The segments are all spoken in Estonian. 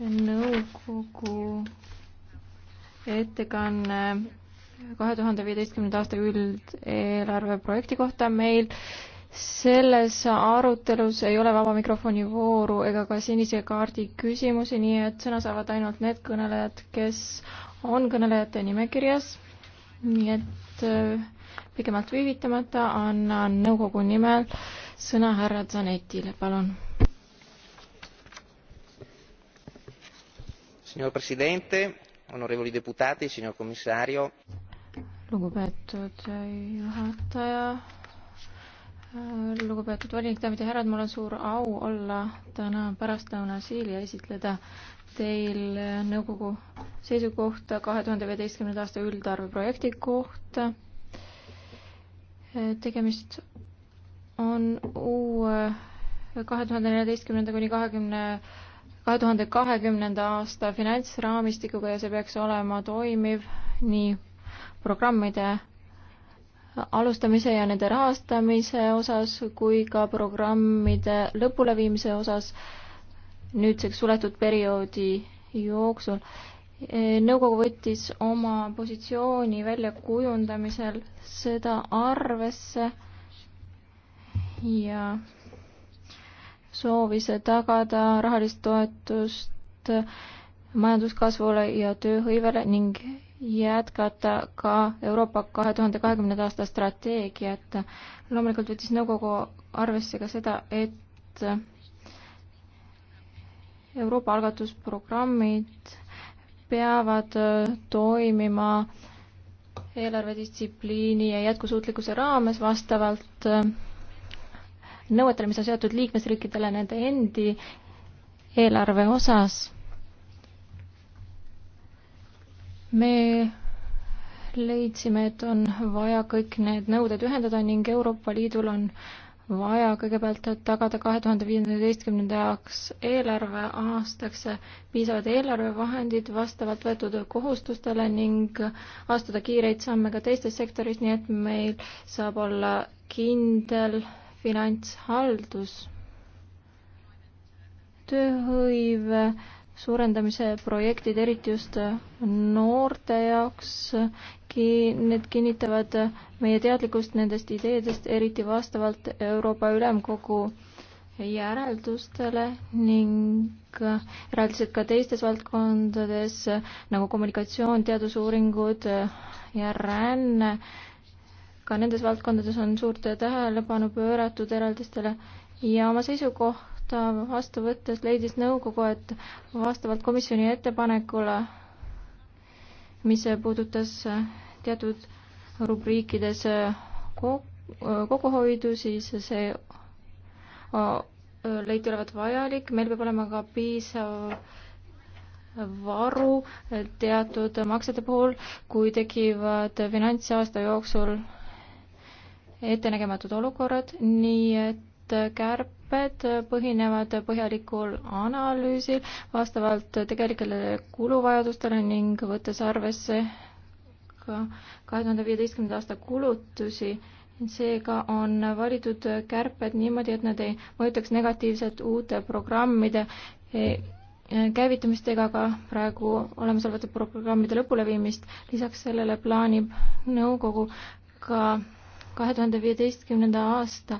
nõukogu ettekanne kahe tuhande viieteistkümnenda aasta üldeelarve projekti kohta meil. selles arutelus ei ole vaba mikrofoni vooru ega ka sinise kaardi küsimusi, nii et sõna saavad ainult need kõnelejad, kes on kõnelejate nimekirjas. nii et äh, pikemalt viivitamata annan nõukogu nimel sõna härra Zanetile, palun signor presidente onorevoli deputati signor commissario lugupeetud juhataja lugupeetud volinik daamid ja härrad mul on suur au olla täna pärastlõunal siin ja esitleda teil nõukogu seisukohta kahe tuhande viieteistkümnenda aasta üldarveprojekti kohta tegemist on uue kahe tuhande neljateistkümnenda kuni kahekümne 20 kahe tuhande kahekümnenda aasta finantsraamistikuga ja see peaks olema toimiv nii programmide alustamise ja nende rahastamise osas kui ka programmide lõpuleviimise osas nüüdseks suletud perioodi jooksul. nõukogu võttis oma positsiooni väljakujundamisel seda arvesse ja soovis tagada rahalist toetust majanduskasvule ja tööhõivele ning jätkata ka Euroopa kahe tuhande kahekümnenda aasta strateegiat. loomulikult võttis nõukogu arvesse ka seda, et Euroopa algatusprogrammid peavad toimima eelarvedistsipliini ja jätkusuutlikkuse raames vastavalt nõuetele, mis on seotud liikmesriikidele nende endi eelarve osas. me leidsime, et on vaja kõik need nõuded ühendada ning Euroopa Liidul on vaja kõigepealt tagada kahe tuhande viieteistkümnendaks eelarveaastaks piisavad eelarvevahendid vastavalt võetud kohustustele ning astuda kiireid samme ka teistes sektoris, nii et meil saab olla kindel finantshaldus, tööhõive suurendamise projektid, eriti just noorte jaoks, need kinnitavad meie teadlikkust nendest ideedest, eriti vastavalt Euroopa Ülemkogu järeldustele ning järeldused ka teistes valdkondades nagu kommunikatsioon, teadusuuringud ja ränne ka nendes valdkondades on suurt tähelepanu pööratud eraldistele ja oma seisukohta vastu võttes leidis nõukogu, et vastavalt komisjoni ettepanekule, mis puudutas teatud rubriikides kokkuhoidu, siis see leiti olevat vajalik, meil peab olema ka piisav varu teatud maksete puhul, kui tekivad finantsaasta jooksul ettenägematud olukorrad, nii et kärped põhinevad põhjalikul analüüsil vastavalt tegelikele kuluvajadustele ning võttes arvesse ka kahe tuhande viieteistkümnenda aasta kulutusi seega on valitud kärped niimoodi, et nad ei mõjutaks negatiivselt uute programmide e, e, käivitumist ega ka praegu olemasolevate programmide lõpuleviimist. lisaks sellele plaanib nõukogu ka kahe tuhande viieteistkümnenda aasta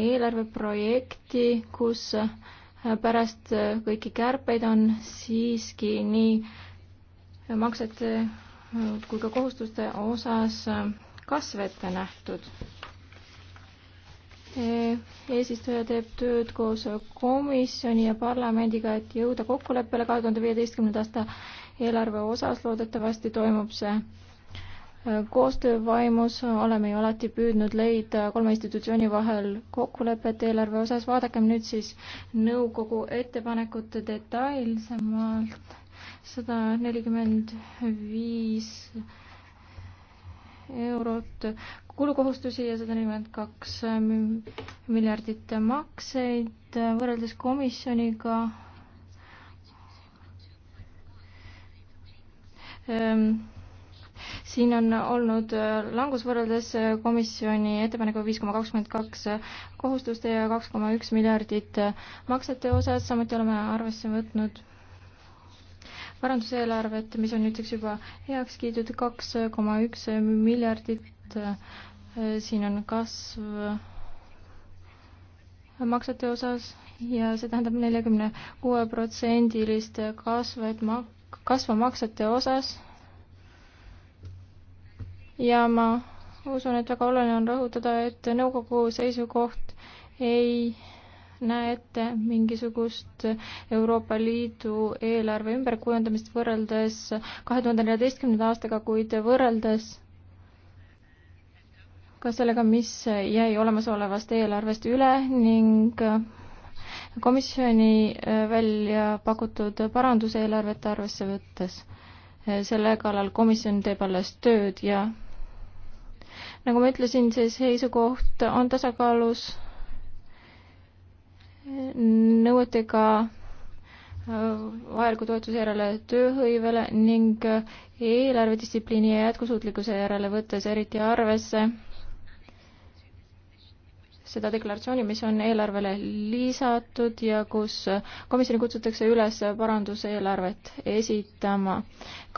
eelarveprojekti, kus äh, pärast äh, kõiki kärpeid on siiski nii maksete äh, kui ka kohustuste osas kasv ette nähtud. eesistuja teeb tööd koos komisjoni ja parlamendiga, et jõuda kokkuleppele kahe tuhande viieteistkümnenda aasta eelarve osas, loodetavasti toimub see koostöövaimus oleme ju alati püüdnud leida kolme institutsiooni vahel kokkulepet eelarve osas, vaadakem nüüd siis nõukogu ettepanekut detailsemalt, sada nelikümmend viis eurot kulukohustusi ja sada nelikümmend kaks miljardit makseid võrreldes komisjoniga ähm, siin on olnud äh, langus võrreldes äh, komisjoni ettepanekuga viis koma kakskümmend kaks äh, kohustuste ja kaks koma üks miljardit maksete osas, samuti oleme arvesse võtnud paranduseelarvet, mis on nüüdseks juba heaks kiidud, kaks koma üks miljardit, siin on kasv maksete osas ja see tähendab neljakümne kuue protsendilist kasvu, et ma-, kasvu maksete osas ja ma usun, et väga oluline on rõhutada, et nõukogu seisukoht ei näe ette mingisugust Euroopa Liidu eelarve ümberkujundamist võrreldes kahe tuhande neljateistkümnenda aastaga, kuid võrreldes ka sellega, mis jäi olemasolevast eelarvest üle ning komisjoni välja pakutud paranduseelarvet arvesse võttes. selle kallal komisjon teeb alles tööd ja nagu ma ütlesin, see seisukoht on tasakaalus nõuetega äh, vajaliku toetuse järele tööhõivele ning äh, eelarvedistsipliini ja jätkusuutlikkuse järele, võttes eriti arvesse seda deklaratsiooni, mis on eelarvele lisatud ja kus komisjoni kutsutakse üles paranduseelarvet esitama.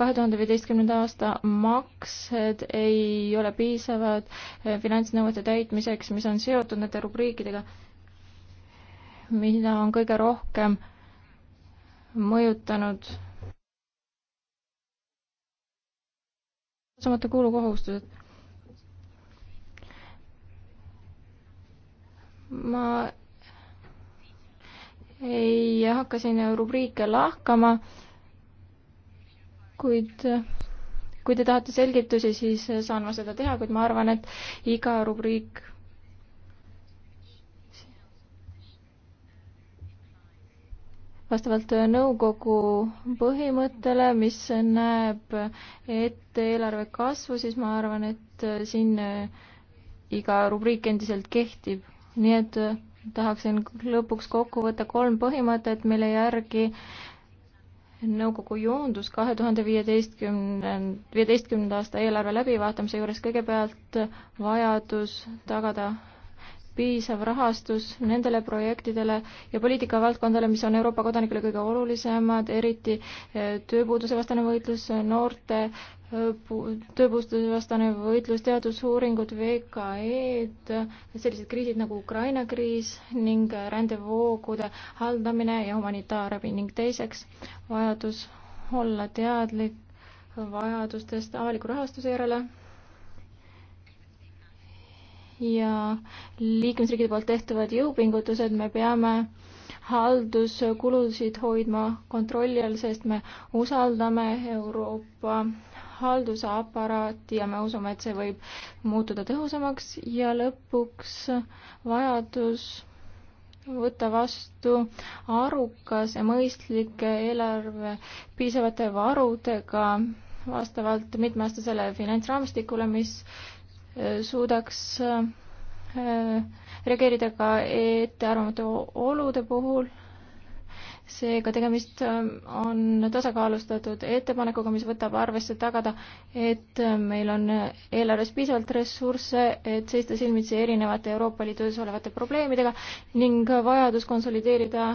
kahe tuhande viieteistkümnenda aasta maksed ei ole piisavad eh, finantsnõuete täitmiseks, mis on seotud nende rubriikidega, mida on kõige rohkem mõjutanud tasustamata kulukohustused ma ei hakka siin rubriike lahkama, kuid kui te tahate selgitusi, siis saan ma seda teha, kuid ma arvan, et iga rubriik vastavalt nõukogu põhimõttele, mis näeb ette eelarve kasvu, siis ma arvan, et siin iga rubriik endiselt kehtib nii et äh, tahaksin lõpuks kokku võtta kolm põhimõtet, mille järgi nõukogu joondus kahe tuhande viieteistkümne, viieteistkümnenda aasta eelarve läbivaatamise juures kõigepealt vajadus tagada piisav rahastus nendele projektidele ja poliitikavaldkondadele, mis on Euroopa kodanikele kõige olulisemad, eriti eh, tööpuuduse vastane võitlus, noorte eh, tööpuuduse vastane võitlus, teadusuuringud, VKE-d, sellised kriisid nagu Ukraina kriis ning rändevoogude haldamine ja humanitaarabi ning teiseks vajadus olla teadlik vajadustest avaliku rahastuse järele ja liikmesriikide poolt tehtavad jõupingutused, me peame halduskulusid hoidma kontrolli all, sest me usaldame Euroopa haldusaparaati ja me usume, et see võib muutuda tõhusamaks ja lõpuks vajadus võtta vastu arukas ja mõistlik eelarve piisavate varudega vastavalt mitmeaastasele finantsraamistikule, mis suudaks äh, reageerida ka ettearvamatu olude puhul. seega tegemist äh, on tasakaalustatud ettepanekuga, mis võtab arvesse tagada, et äh, meil on eelarves piisavalt ressursse, et seista silmitsi erinevate Euroopa Liidus olevate probleemidega ning vajadus konsolideerida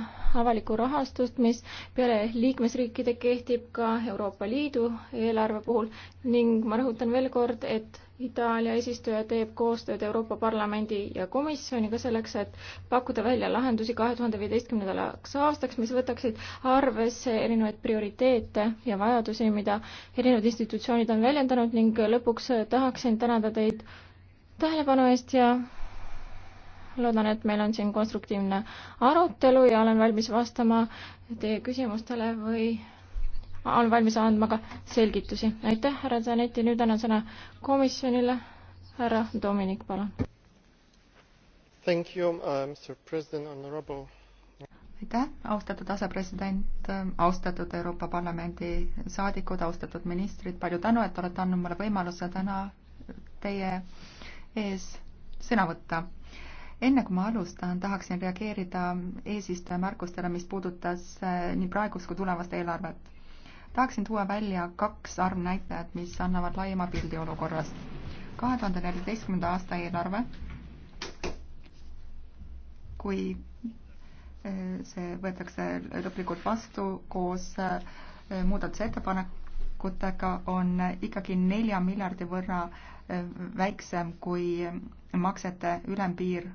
avalikku rahastust, mis peale liikmesriikide kehtib ka Euroopa Liidu eelarve puhul ning ma rõhutan veel kord, et Itaalia eesistuja teeb koostööd Euroopa Parlamendi ja komisjoniga selleks, et pakkuda välja lahendusi kahe tuhande viieteistkümnendaks aastaks, mis võtaksid arvesse erinevaid prioriteete ja vajadusi, mida erinevad institutsioonid on väljendanud ning lõpuks tahaksin tänada teid tähelepanu eest ja loodan, et meil on siin konstruktiivne arutelu ja olen valmis vastama teie küsimustele või on valmis andma ka selgitusi. aitäh, härra Zanetti, nüüd annan sõna komisjonile. härra Dominik, palun. Uh, aitäh, austatud asepresident, ähm, austatud Euroopa Parlamendi saadikud, austatud ministrid, palju tänu, et olete andnud mulle võimaluse täna teie ees sõna võtta enne kui ma alustan, tahaksin reageerida eesistuja märkustele, mis puudutas äh, nii praegust kui tulevast eelarvet tahaksin tuua välja kaks arvnäitajat, mis annavad laiema pildi olukorrast. kahe tuhande neljateistkümnenda aasta eelarve, kui eh, see võetakse lõplikult vastu koos eh, muudatusettepanekutega, on ikkagi nelja miljardi võrra eh, väiksem, kui maksete ülempiir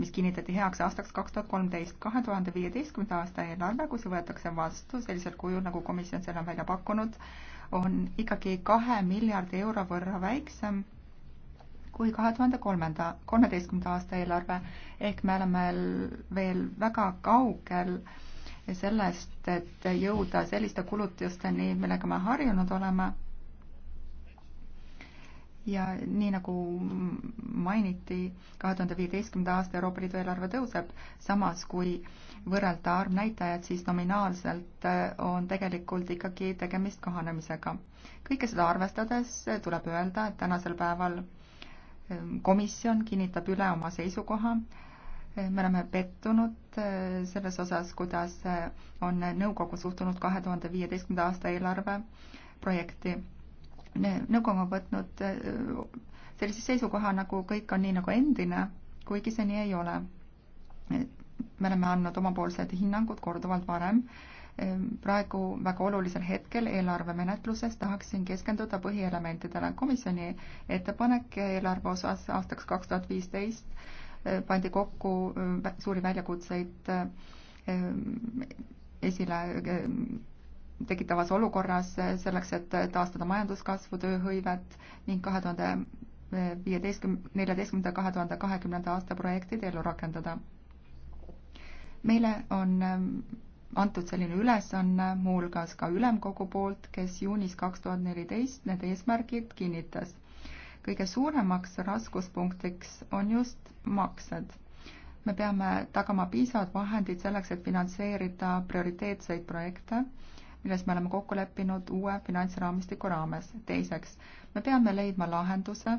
mis kinnitati heaks aastaks kaks tuhat kolmteist. kahe tuhande viieteistkümnenda aasta eelarve, kui see võetakse vastu sellisel kujul, nagu komisjon selle on välja pakkunud, on ikkagi kahe miljardi euro võrra väiksem kui kahe tuhande kolmanda, kolmeteistkümnenda aasta eelarve. ehk me oleme veel väga kaugel sellest, et jõuda selliste kulutusteni, millega me harjunud oleme ja nii nagu mainiti, kahe tuhande viieteistkümnenda aasta Euroopa Liidu eelarve tõuseb, samas kui võrrelda arvnäitajad, siis nominaalselt äh, on tegelikult ikkagi tegemist kahanemisega. kõike seda arvestades äh, tuleb öelda, et tänasel päeval ähm, komisjon kinnitab üle oma seisukoha, äh, me oleme pettunud selles osas, kuidas on nõukogu suhtunud kahe tuhande viieteistkümnenda aasta eelarve projekti nõukogu on võtnud äh, sellise seisukoha, nagu kõik on nii nagu endine, kuigi see nii ei ole. me oleme andnud omapoolsed hinnangud korduvalt varem. Ehm, praegu väga olulisel hetkel eelarvemenetluses tahaksin keskenduda põhielementidele. komisjoni ettepanek eelarve osas aastaks kaks tuhat viisteist äh, pandi kokku äh, suuri väljakutseid ehm, esile ehm, tekitavas olukorras eh, selleks, et eh, taastada majanduskasvu, tööhõivet ning kahe tuhande eh, viieteistkümne, neljateistkümnenda, kahe tuhande kahekümnenda aasta projektid ellu rakendada. meile on antud selline ülesanne muuhulgas ka ülemkogu poolt, kes juunis kaks tuhat neliteist need eesmärgid kinnitas. kõige suuremaks raskuspunktiks on just maksed me peame tagama piisavad vahendid selleks, et finantseerida prioriteetseid projekte milles me oleme kokku leppinud uue finantsraamistiku raames. teiseks, me peame leidma lahenduse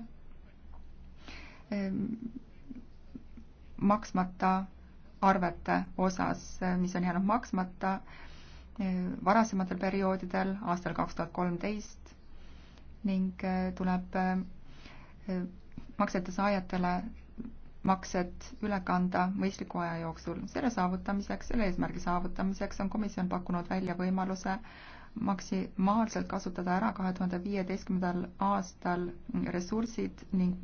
ehm, maksmata arvete osas, mis on jäänud maksmata ehm, varasematel perioodidel, aastal kaks tuhat kolmteist ning eh, tuleb ehm, maksete saajatele maksed üle kanda mõistliku aja jooksul. selle saavutamiseks, selle eesmärgi saavutamiseks on komisjon pakkunud välja võimaluse maksimaalselt kasutada ära kahe tuhande viieteistkümnendal aastal ressursid ning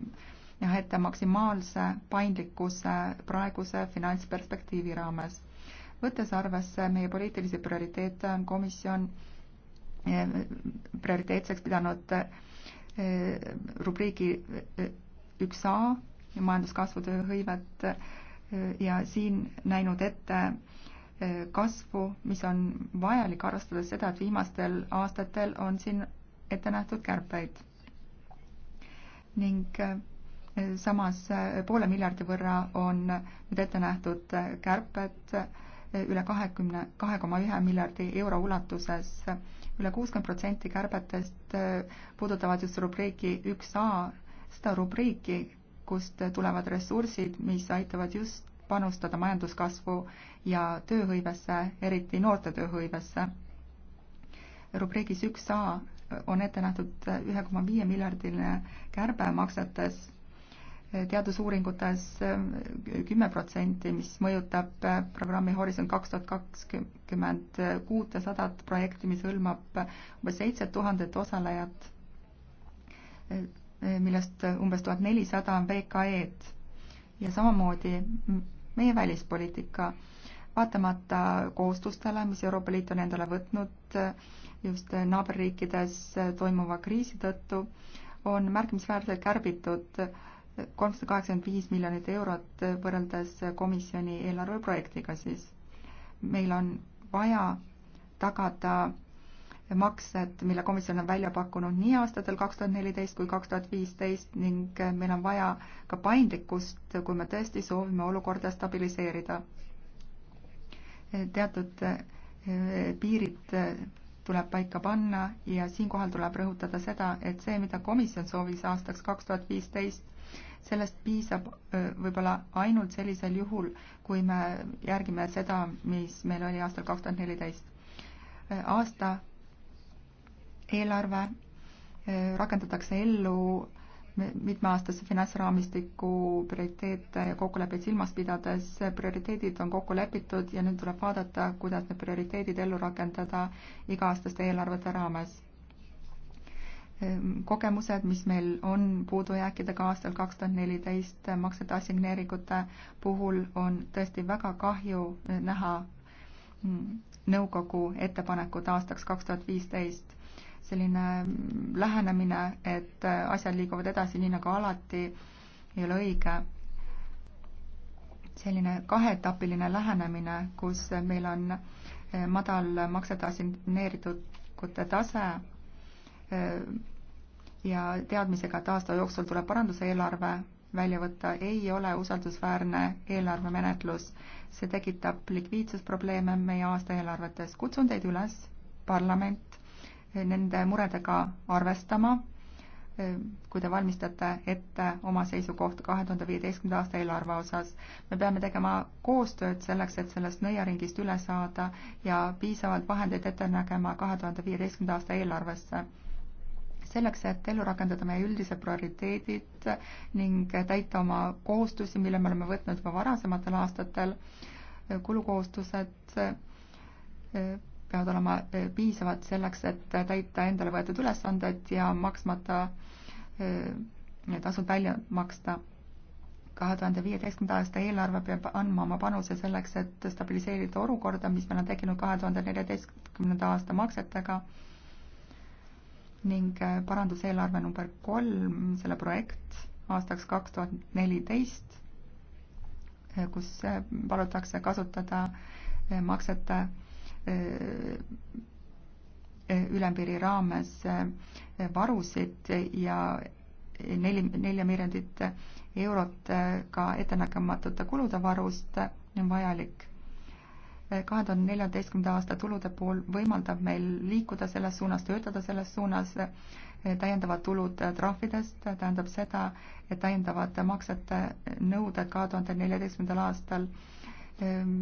näha ette maksimaalse paindlikkuse praeguse finantsperspektiivi raames. võttes arvesse meie poliitilisi prioriteete, on komisjon eh, prioriteetseks pidanud eh, rubriigi eh, üks A majanduskasvu, tööhõivet eh, ja siin näinud ette eh, kasvu, mis on vajalik, arvestades seda, et viimastel aastatel on siin ette nähtud kärpeid. ning eh, samas poole miljardi võrra on nüüd ette nähtud kärped üle kahekümne, kahe koma ühe miljardi euro ulatuses üle. üle kuuskümmend protsenti kärbetest puudutavad just rubriiki üks A, seda rubriiki, kust tulevad ressursid, mis aitavad just panustada majanduskasvu ja tööhõivesse, eriti noorte tööhõivesse. rubriigis üks A on ette nähtud ühe koma viie miljardiline kärbe maksetes teadusuuringutes kümme protsenti, mis mõjutab programmi Horisont kaks tuhat kakskümmend kuutesadat projekti, mis hõlmab umbes seitse tuhandet osalejat. Eh, millest umbes tuhat nelisada on VKE-d ja samamoodi meie välispoliitika, vaatamata kohustustele, mis Euroopa Liit on endale võtnud eh, just naaberriikides eh, toimuva kriisi tõttu, on märkimisväärselt kärbitud kolmsada kaheksakümmend viis miljonit eurot võrreldes komisjoni eelarveprojektiga siis. meil on vaja tagada maksed, mille komisjon on välja pakkunud nii aastatel kaks tuhat neliteist kui kaks tuhat viisteist ning meil on vaja ka paindlikkust, kui me tõesti soovime olukorda stabiliseerida. teatud eh, piirid tuleb paika panna ja siinkohal tuleb rõhutada seda, et see, mida komisjon soovis aastaks kaks tuhat viisteist, sellest piisab eh, võib-olla ainult sellisel juhul, kui me järgime seda, mis meil oli aastal kaks tuhat neliteist. Eh, aasta eelarve äh, rakendatakse ellu mitmeaastase finantsraamistiku prioriteete ja kokkuleppeid silmas pidades. prioriteedid on kokku lepitud ja nüüd tuleb vaadata, kuidas need prioriteedid ellu rakendada iga-aastaste eelarvete raames. Ehm, kogemused, mis meil on puudujääkidega aastal kaks tuhat neliteist äh, maksete assigneeringute puhul, on tõesti väga kahju äh, näha mm, nõukogu ettepanekut aastaks kaks tuhat viisteist selline lähenemine, et asjad liiguvad edasi nii nagu alati, ei ole õige. selline kaheetapiline lähenemine, kus meil on eh, madal maksetasineeritud tase eh, ja teadmisega, et aasta jooksul tuleb paranduseelarve välja võtta, ei ole usaldusväärne eelarvemenetlus. see tekitab likviidsusprobleeme meie aastaeelarvetes. kutsun teid üles, parlament nende muredega arvestama, kui te valmistate ette oma seisukoht kahe tuhande viieteistkümnenda aasta eelarve osas. me peame tegema koostööd selleks, et sellest nõiaringist üle saada ja piisavalt vahendeid ette nägema kahe tuhande viieteistkümnenda aasta eelarvesse selleks, et ellu rakendada meie üldised prioriteedid ning täita oma kohustusi, mille me oleme võtnud juba varasematel aastatel, kulukohustused peavad olema eh, piisavad selleks, et täita endale võetud ülesanded ja maksmata tasud eh, välja maksta. kahe tuhande viieteistkümnenda aasta eelarve peab andma oma panuse selleks, et stabiliseerida olukorda, mis meil on tekkinud kahe tuhande neljateistkümnenda aasta maksetega ning eh, paranduseelarve number kolm, selle projekt aastaks kaks tuhat neliteist, kus palutakse kasutada maksete Äh, äh, ülempiiri raames äh, varusid ja neli, nelja miljardit eurot ka ettenägematute kulude varust on vajalik. kahe tuhande neljateistkümnenda aasta tulude pool võimaldab meil liikuda selles suunas, töötada selles suunas, täiendavad tulud trahvidest tähendab seda, et täiendavate maksete nõuded kahe tuhande neljateistkümnendal aastal ähm,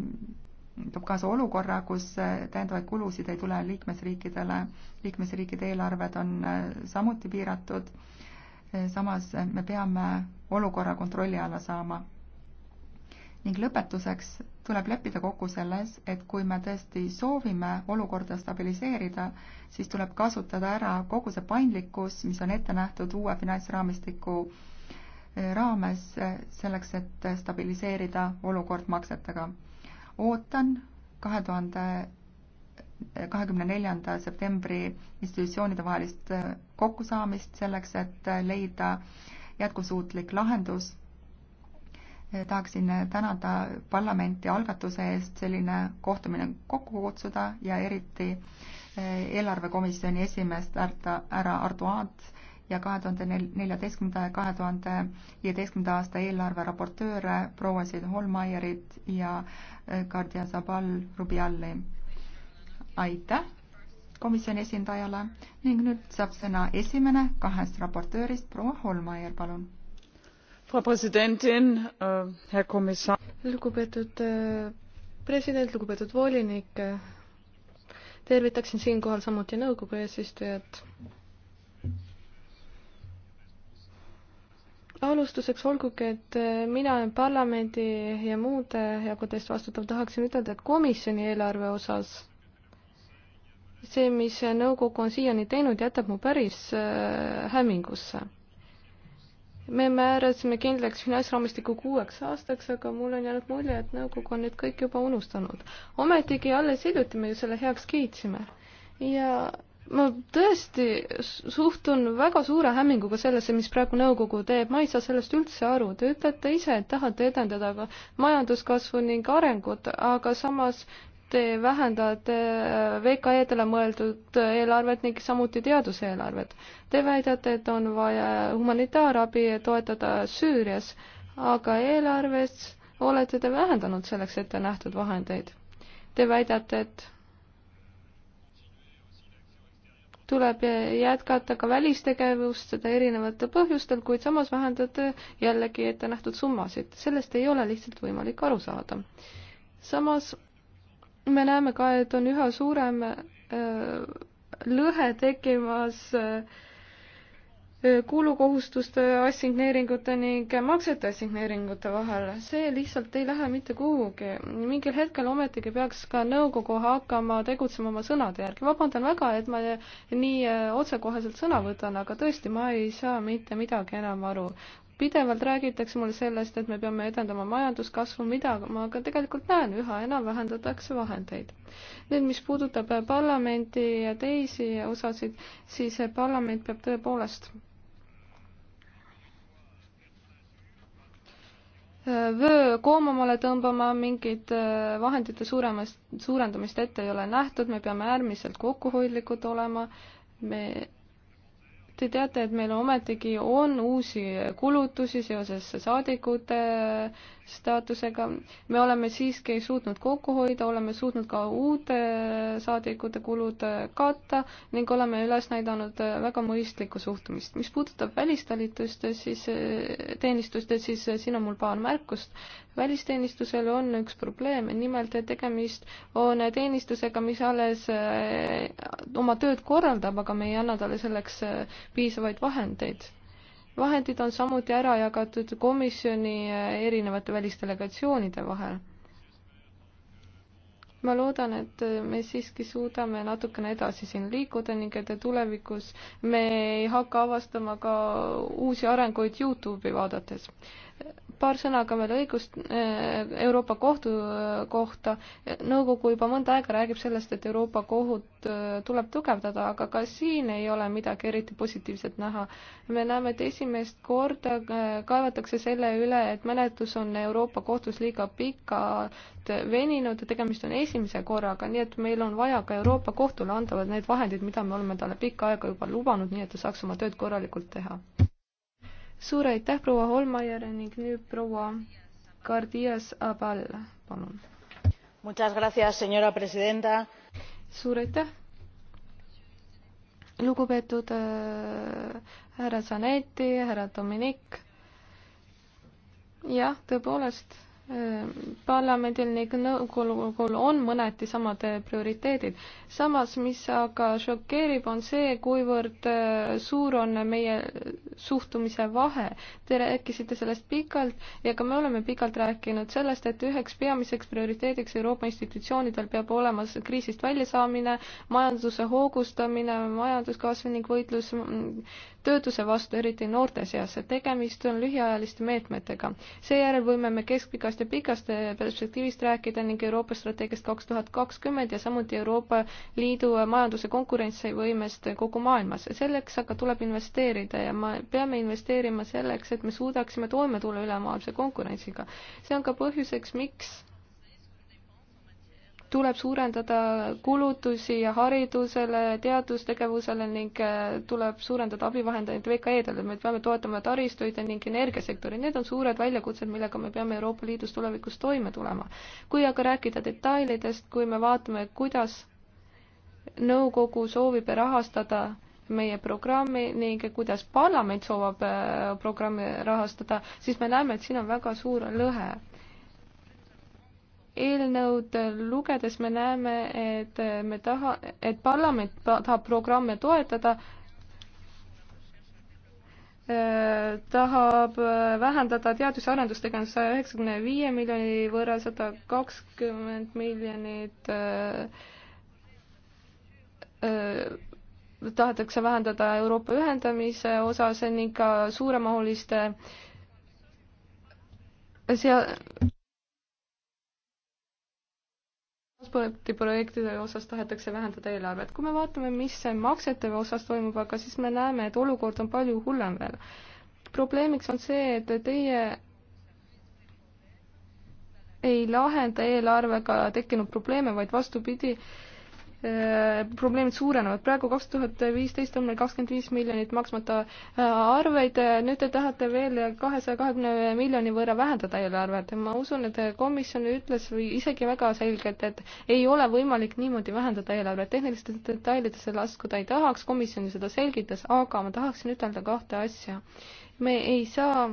toob kaasa olukorra, kus eh, täiendavaid kulusid ei tule liikmesriikidele, liikmesriikide eelarved on eh, samuti piiratud. Eh, samas me peame olukorra kontrolli alla saama. ning lõpetuseks tuleb leppida kokku selles, et kui me tõesti soovime olukorda stabiliseerida, siis tuleb kasutada ära kogu see paindlikkus, mis on ette nähtud uue finantsraamistiku raames selleks, et stabiliseerida olukord maksetega ootan kahe tuhande eh, kahekümne neljanda septembri institutsioonide vahelist eh, kokkusaamist selleks, et eh, leida jätkusuutlik lahendus. tahaksin tänada parlamenti algatuse eest selline kohtumine kokku kutsuda ja eriti eelarvekomisjoni esimeest härra Arduad, ja kahe tuhande neljateistkümnenda ja kahe tuhande viieteistkümnenda aasta eelarve raportööre prouasid Holmeierit ja äh, Kardia Zabal Rubialli. aitäh komisjoni esindajale ning nüüd saab sõna esimene kahest raportöörist, proua Holmeier, palun. Frau Präsidentin, äh, Herr Kommissar. lugupeetud äh, president, lugupeetud volinik, tervitaksin siinkohal samuti nõukogu eesistujat alustuseks olgugi, et äh, mina parlamendi ja muude jagude eest vastutav tahaksin ütelda, et komisjoni eelarve osas see, mis nõukogu on siiani teinud, jätab mu päris äh, hämmingusse. me määrasime kindlaks finantsraamistiku kuueks aastaks, aga mul on jäänud mulje, et nõukogu on nüüd kõik juba unustanud. ometigi alles hiljuti me ju selle heaks kiitsime ja ma tõesti suhtun väga suure hämminguga sellesse, mis praegu nõukogu teeb, ma ei saa sellest üldse aru, te ütlete ise, et tahate edendada majanduskasvu ning arengut, aga samas te vähendate äh, VKE-dele mõeldud eelarvet ning samuti teaduseelarvet. Te väidate, et on vaja humanitaarabi toetada Süürias, aga eelarves olete te vähendanud selleks ette nähtud vahendeid. Te väidate, et tuleb jätkata ka välistegevust, seda erinevatel põhjustel, kuid samas vähendada jällegi ette nähtud summasid. sellest ei ole lihtsalt võimalik aru saada. samas me näeme ka, et on üha suurem äh, lõhe tekkimas äh, kulukohustuste assigneeringute ning maksete assigneeringute vahel, see lihtsalt ei lähe mitte kuhugi. mingil hetkel ometigi peaks ka nõukogu hakkama tegutsema oma sõnade järgi. vabandan väga, et ma nii äh, otsekoheselt sõna võtan, aga tõesti, ma ei saa mitte midagi enam aru. pidevalt räägitakse mulle sellest, et me peame edendama majanduskasvu, mida ma ka tegelikult näen, üha enam vähendatakse vahendeid. nüüd, mis puudutab parlamenti ja teisi osasid, siis äh, parlament peab tõepoolest vöö koomamale tõmbama, mingit äh, vahendite suuremast, suurendamist ette ei ole nähtud, me peame äärmiselt kokkuhoidlikud olema, me Te teate, et meil ometigi on uusi kulutusi seoses saadikute äh, staatusega. me oleme siiski suutnud kokku hoida, oleme suutnud ka uute äh, saadikute kulud äh, katta ning oleme üles näidanud väga mõistlikku suhtumist. mis puudutab välistalitust, siis teenistust, siis siin on mul paar märkust välisteenistusel on üks probleem, nimelt tegemist on teenistusega, mis alles äh, oma tööd korraldab, aga me ei anna talle selleks äh, piisavaid vahendeid. vahendid on samuti ära jagatud komisjoni äh, erinevate välisdelegatsioonide vahel ma loodan, et me siiski suudame natukene edasi siin liikuda ning et tulevikus me ei hakka avastama ka uusi arenguid Youtube'i vaadates. paar sõna ka veel õigust eh, Euroopa Kohtu eh, kohta. nõukogu juba mõnda aega räägib sellest, et Euroopa Kohut eh, tuleb tugevdada, aga ka siin ei ole midagi eriti positiivset näha. me näeme, et esimest korda kaevatakse selle üle, et menetlus on Euroopa Kohtus liiga pika pikalt veninud ja tegemist on esimese korraga, nii et meil on vaja ka Euroopa Kohtule andavad need vahendid, mida me oleme talle pikka aega juba lubanud, nii et ta saaks oma tööd korralikult teha. suur aitäh, proua Holmajärv ning nüüd proua Gardias Abal, palun. suur aitäh lugupeetud äh, härra Zanetti, härra Dominik. jah, tõepoolest parlamendil ning nõukogul on mõneti samad äh, prioriteedid. samas, mis aga šokeerib, on see, kuivõrd äh, suur on meie suhtumise vahe. Te rääkisite sellest pikalt ja ka me oleme pikalt rääkinud sellest, et üheks peamiseks prioriteediks Euroopa institutsioonidel peab olema kriisist väljasaamine, majanduse hoogustamine, majanduskasv ning võitlus mm, töötuse vastu, eriti noorte seas. tegemist on lühiajaliste meetmetega. seejärel võime me keskpikast ja pikast äh, perspektiivist rääkida ning Euroopa strateegiast kaks tuhat kakskümmend ja samuti Euroopa Liidu äh, majanduse konkurentsivõimest kogu maailmas. selleks aga tuleb investeerida ja me peame investeerima selleks, et me suudaksime toime tulla ülemaailmse konkurentsiga. see on ka põhjuseks, miks tuleb suurendada kulutusi haridusele, teadustegevusele ning äh, tuleb suurendada abivahendeid VKE-dele, me peame toetama taristuid ning energiasektori, need on suured väljakutsed, millega me peame Euroopa Liidus tulevikus toime tulema. kui aga rääkida detailidest, kui me vaatame, kuidas nõukogu soovib rahastada meie programmi ning kuidas parlament soovab äh, programmi rahastada, siis me näeme, et siin on väga suur lõhe eelnõud lugedes me näeme, et me taha, et parlament tahab programme toetada, tahab vähendada teadus- ja arendustegevust saja üheksakümne viie miljoni võrra, sada kakskümmend miljonit äh, tahetakse vähendada Euroopa ühendamise osas ning ka suuremahuliste sea-, transpordiprojektide osas tahetakse vähendada eelarvet. kui me vaatame, mis maksete osas toimub aga, siis me näeme, et olukord on palju hullem veel. probleemiks on see, et teie ei lahenda eelarvega tekkinud probleeme, vaid vastupidi, Äh, probleemid suurenevad. praegu kaks tuhat viisteist on meil kakskümmend viis miljonit maksmata äh, arveid, nüüd te tahate veel kahesaja kahekümne miljoni võrra vähendada eelarvet. ma usun, et komisjon ütles või isegi väga selgelt, et ei ole võimalik niimoodi vähendada eelarvet. tehnilistesse detailidesse laskuda ei tahaks, komisjon seda selgitas, aga ma tahaksin ütelda kahte asja. me ei saa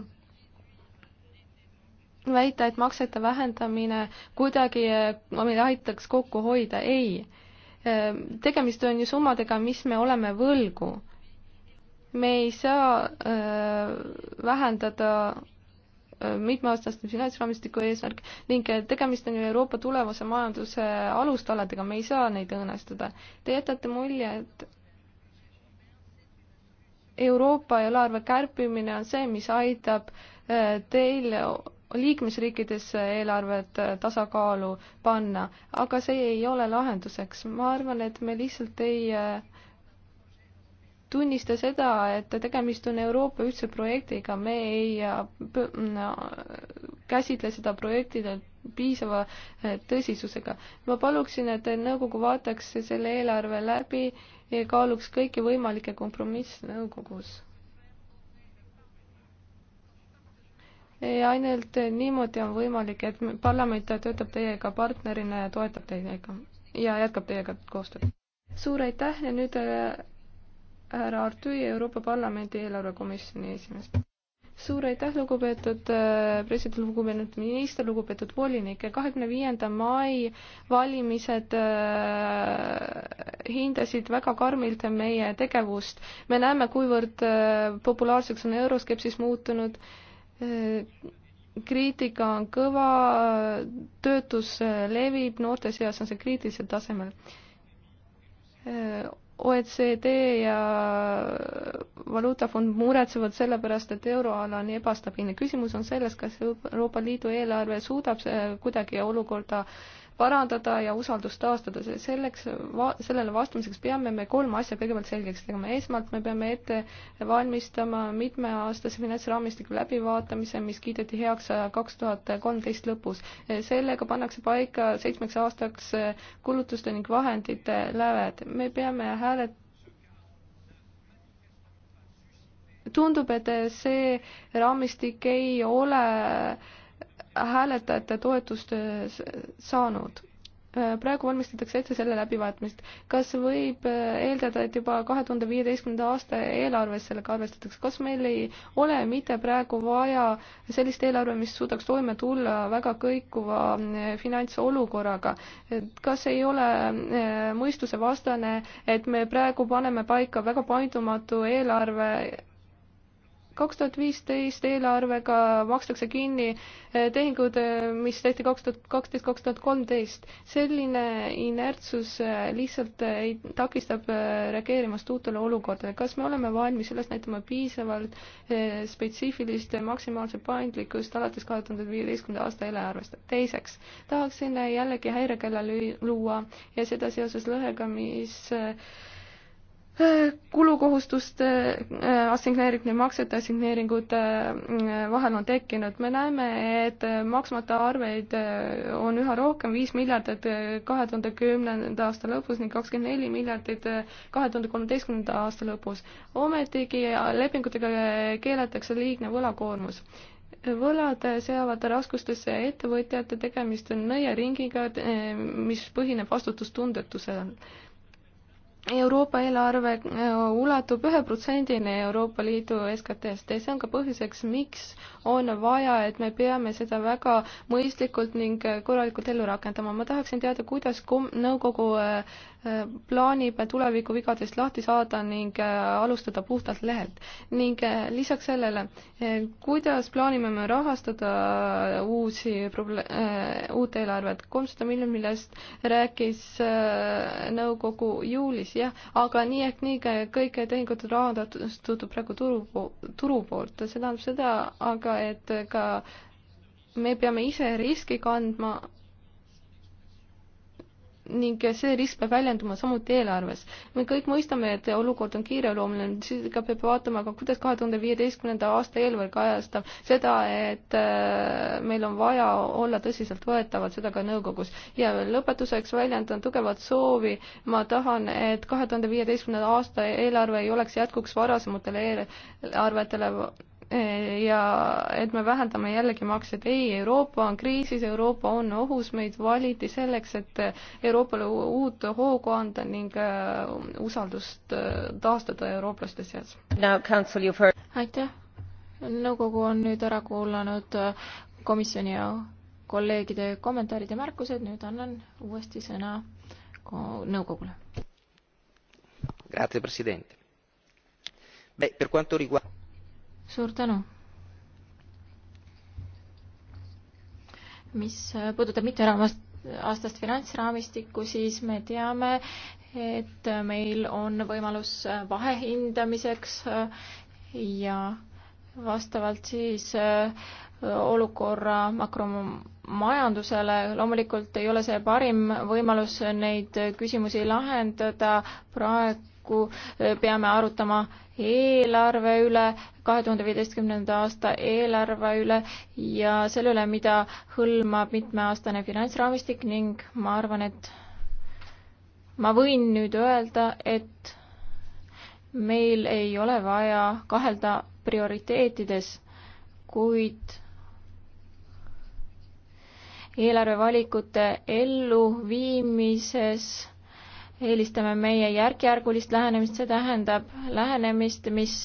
väita, et maksete vähendamine kuidagi äh, meil aitaks kokku hoida, ei Ehm, tegemist on ju summadega, mis me oleme võlgu. me ei saa ehm, vähendada ehm, mitmeaastast finantsraamistiku eesmärk ning eh, tegemist on ju Euroopa tulevase majanduse alustaladega, me ei saa neid õõnestada. Te jätate mulje, et Euroopa eelarve kärpimine on see, mis aitab eh, teil liikmesriikides eelarved tasakaalu panna, aga see ei ole lahenduseks. ma arvan, et me lihtsalt ei äh, tunnista seda, et tegemist on Euroopa ühtse projektiga, me ei äh, mm, äh, käsitle seda projektile piisava tõsisusega. ma paluksin, et nõukogu vaataks selle eelarve läbi ja kaaluks kõiki võimalikke kompromisse nõukogus ja ainult niimoodi on võimalik, et parlament töötab teiega partnerina ja toetab teiega ja jätkab teiega koostööd. suur aitäh ja nüüd äh, härra Artui, Euroopa Parlamendi eelarvekomisjoni esimees. suur aitäh, lugupeetud äh, president, lugupeetud minister, lugupeetud volinik. kahekümne viienda mai valimised äh, hindasid väga karmilt meie tegevust. me näeme, kuivõrd populaarseks on euroskepsis muutunud kriitika on kõva, töötus levib, noorte seas on see kriitilisel tasemel. OECD ja Valuutafond muretsevad selle pärast, et euroala on ebastabiilne. küsimus on selles, kas Euroopa Liidu eelarve suudab kuidagi olukorda äh, parandada ja usaldust taastada. selleks, sellele vastamiseks peame me kolm asja kõigepealt selgeks tegema. esmalt me peame ette valmistama mitmeaastase finantsraamistiku läbivaatamise, mis kiideti heaks kaks tuhat kolmteist lõpus. sellega pannakse paika seitsmeks aastaks kulutuste ning vahendite läved. me peame hääletama tundub, et see raamistik ei ole äh, hääletajate toetust äh, saanud. Äh, praegu valmistatakse ette selle läbivaatmist. kas võib äh, eeldada, et juba kahe tuhande viieteistkümnenda aasta eelarves sellega arvestatakse, kas meil ei ole mitte praegu vaja sellist eelarve, mis suudaks toime tulla väga kõikuva finantsolukorraga? et kas ei ole mõistusevastane, et me praegu paneme paika väga paindumatu eelarve kaks tuhat viisteist eelarvega makstakse kinni eh, tehingud, eh, mis tehti kaks tuhat kaksteist, kaks tuhat kolmteist. selline inertsus eh, lihtsalt ei, takistab reageerimast uutele olukordadele. kas me oleme valmis sellest näitama piisavalt spetsiifilist maksimaalset paindlikkust alates kahe tuhande viieteistkümnenda aasta eelarvest? teiseks, tahaksin jällegi häirekella luua ja seda seoses lõhega, mis kulukohustuste äh, assigneeringute, maksete assigneeringute äh, vahel on tekkinud, me näeme, et maksmata arveid äh, on üha rohkem, viis miljardit kahe tuhande kümnenda aasta lõpus ning kakskümmend neli miljardit kahe tuhande kolmeteistkümnenda aasta lõpus. ometigi lepingutega keelatakse liigne võlakoormus võlad seavad raskustesse ettevõtjate tegemist on nõiaringiga, mis põhineb vastutustundetusel Euroopa eelarve äh, ulatub ühe protsendini Euroopa Liidu SKT-st ja see on ka põhjuseks, miks on vaja, et me peame seda väga mõistlikult ning korralikult ellu rakendama. ma tahaksin teada, kuidas kom-, nõukogu äh, plaanib tuleviku vigadest lahti saada ning äh, alustada puhtalt lehelt. ning äh, lisaks sellele, äh, kuidas plaanime me rahastada uusi proble-, uut eelarvet, kolmsada miljonit, millest rääkis nõukogu juulis, jah, aga nii ehk nii kõik tehingud on rahastatud praegu turu, turu poolt, see tähendab seda aga, et ka me peame ise riski kandma ning see risk peab väljenduma samuti eelarves. me kõik mõistame, et olukord on kiireloomuline, seega peab vaatama ka, kuidas kahe tuhande viieteistkümnenda aasta eelarve kajastab seda, et äh, meil on vaja olla tõsiseltvõetavad, seda ka nõukogus. ja lõpetuseks väljendan tugevat soovi, ma tahan, et kahe tuhande viieteistkümnenda aasta eelarve ei oleks jätkuks varasematele eelarvetele ja et me vähendame jällegi makse, et ei, Euroopa on kriisis, Euroopa on ohus, meid valiti selleks, et Euroopale uut hoogu anda ning äh, usaldust äh, taastada eurooplaste seas. aitäh, nõukogu on nüüd ära kuulanud äh, komisjoni ja kolleegide kommentaarid ja märkused, nüüd annan uuesti sõna nõukogule. Grazie, president. Beh, per quanto riguarda suur tänu. mis puudutab mitteraamast, aastast finantsraamistikku, siis me teame, et meil on võimalus vahehindamiseks ja vastavalt siis äh, olukorra makromajandusele. loomulikult ei ole see parim võimalus neid küsimusi lahendada praegu paraku peame arutama eelarve üle, kahe tuhande viieteistkümnenda aasta eelarve üle ja selle üle, mida hõlmab mitmeaastane finantsraamistik ning ma arvan, et ma võin nüüd öelda, et meil ei ole vaja kahelda prioriteetides, kuid eelarvevalikute elluviimises eelistame meie järk-järgulist lähenemist, see tähendab lähenemist, mis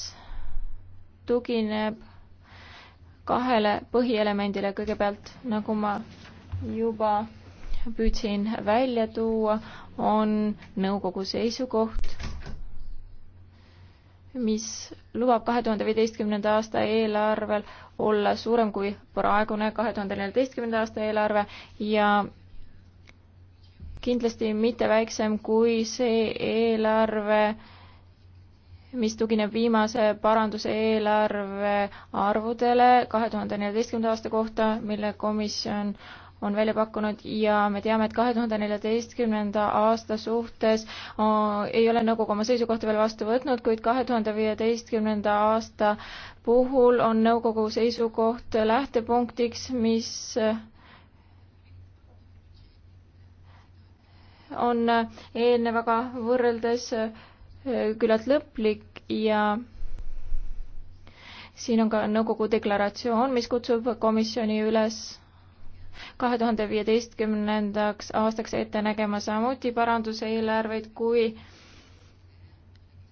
tugineb kahele põhielemendile kõigepealt, nagu ma juba püüdsin välja tuua, on nõukogu seisukoht, mis lubab kahe tuhande viieteistkümnenda aasta eelarvel olla suurem kui praegune kahe tuhande neljateistkümnenda aasta eelarve ja kindlasti mitte väiksem kui see eelarve, mis tugineb viimase paranduse eelarve arvudele kahe tuhande neljateistkümnenda aasta kohta, mille komisjon on välja pakkunud ja me teame, et kahe tuhande neljateistkümnenda aasta suhtes o, äh, ei ole nõukogu oma seisukohta veel vastu võtnud, kuid kahe tuhande viieteistkümnenda aasta puhul on nõukogu seisukoht lähtepunktiks, mis äh, on eelnevaga võrreldes eh, küllalt lõplik ja siin on ka nõukogu deklaratsioon, mis kutsub komisjoni üles kahe tuhande viieteistkümnendaks aastaks ette nägema samuti paranduseelarveid, kui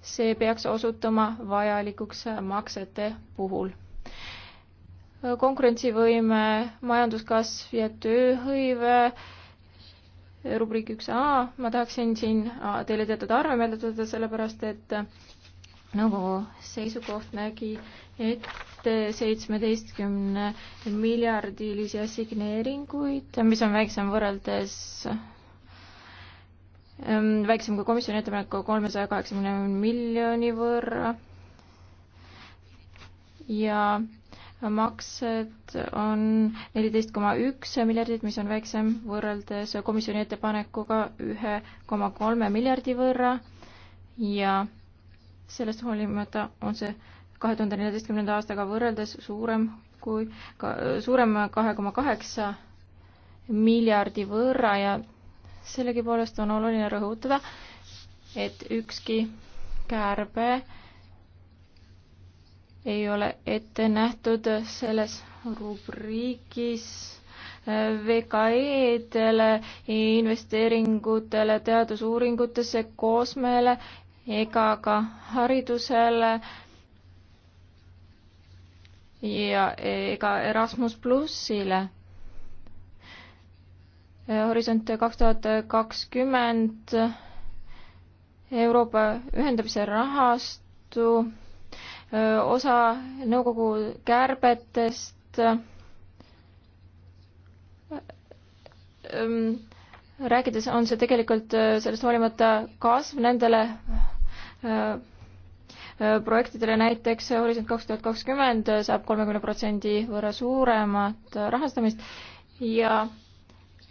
see peaks osutuma vajalikuks maksete puhul. konkurentsivõime, majanduskasv ja tööhõive rubriik üks A, ma tahaksin siin äh, teile teatud arve meelde tuletada, sellepärast et äh, nõukogu seisukoht nägi ette seitsmeteistkümne miljardilisi assigneeringuid, mis on väiksem võrreldes ähm, väiksem kui komisjoni ettepaneku kolmesaja kaheksakümne miljoni võrra ja maksed on neliteist koma üks miljardit, mis on väiksem võrreldes komisjoni ettepanekuga ühe koma kolme miljardi võrra ja sellest hoolimata on see kahe tuhande neljateistkümnenda aastaga võrreldes suurem kui ka, suurem kahe koma kaheksa miljardi võrra ja sellegipoolest on oluline rõhutada, et ükski kärbe ei ole ette nähtud selles rubriigis äh, VKE-dele, investeeringutele, teadusuuringutesse, koosmeele ega ka haridusele ja ega Erasmus plussile äh, Horisont kaks tuhat kakskümmend Euroopa ühendamise rahastu osa nõukogu kärbetest rääkides on see tegelikult sellest hoolimata kasv nendele projektidele näiteks Horisont kaks tuhat kakskümmend saab kolmekümne protsendi võrra suuremat rahastamist ja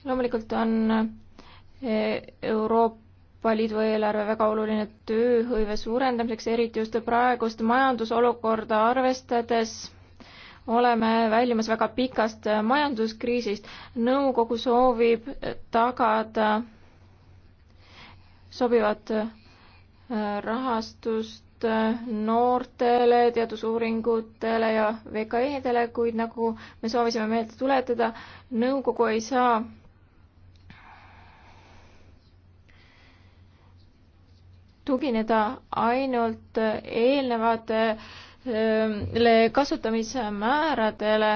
loomulikult on Euroopa Euroopa Liidu eelarve väga oluline tööhõive suurendamiseks, eriti just praegust majandusolukorda arvestades oleme väljumas väga pikast majanduskriisist. nõukogu soovib tagada sobivat äh, rahastust äh, noortele, teadusuuringutele ja VKE-dele, kuid nagu me soovisime meelde tuletada, nõukogu ei saa tugineda ainult eelnevatele ehm, kasutamise määradele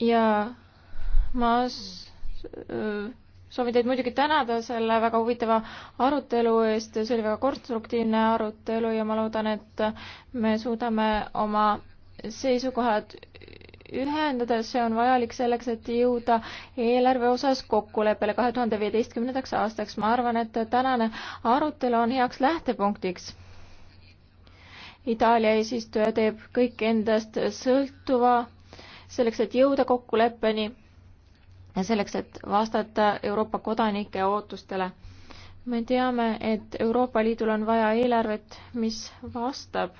ja ma soovin teid muidugi tänada selle väga huvitava arutelu eest, see oli väga konstruktiivne arutelu ja ma loodan, et me suudame oma seisukohad ühendada, see on vajalik selleks, et jõuda eelarve osas kokkuleppele kahe tuhande viieteistkümnendaks aastaks. ma arvan, et tänane arutelu on heaks lähtepunktiks. Itaalia eesistuja teeb kõik endast sõltuva selleks, et jõuda kokkuleppeni ja selleks, et vastata Euroopa kodanike ootustele me teame, et Euroopa Liidul on vaja eelarvet, mis vastab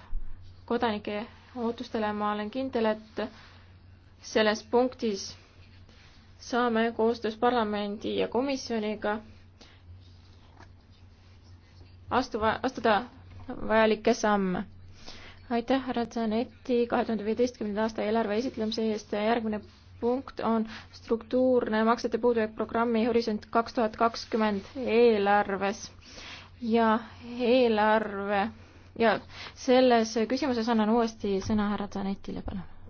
kodanike ootustele, ma olen kindel, et selles punktis saame koostöös parlamendi ja komisjoniga astuva, astuda vajalikke samme. aitäh, härra Zanetti, kahe tuhande viieteistkümnenda aasta eelarve esitlemise eest. järgmine punkt on struktuurne maksete puudujääk programmi Horisont kaks tuhat kakskümmend eelarves ja eelarve ja selles küsimuses annan uuesti sõna härra Zanetile, palun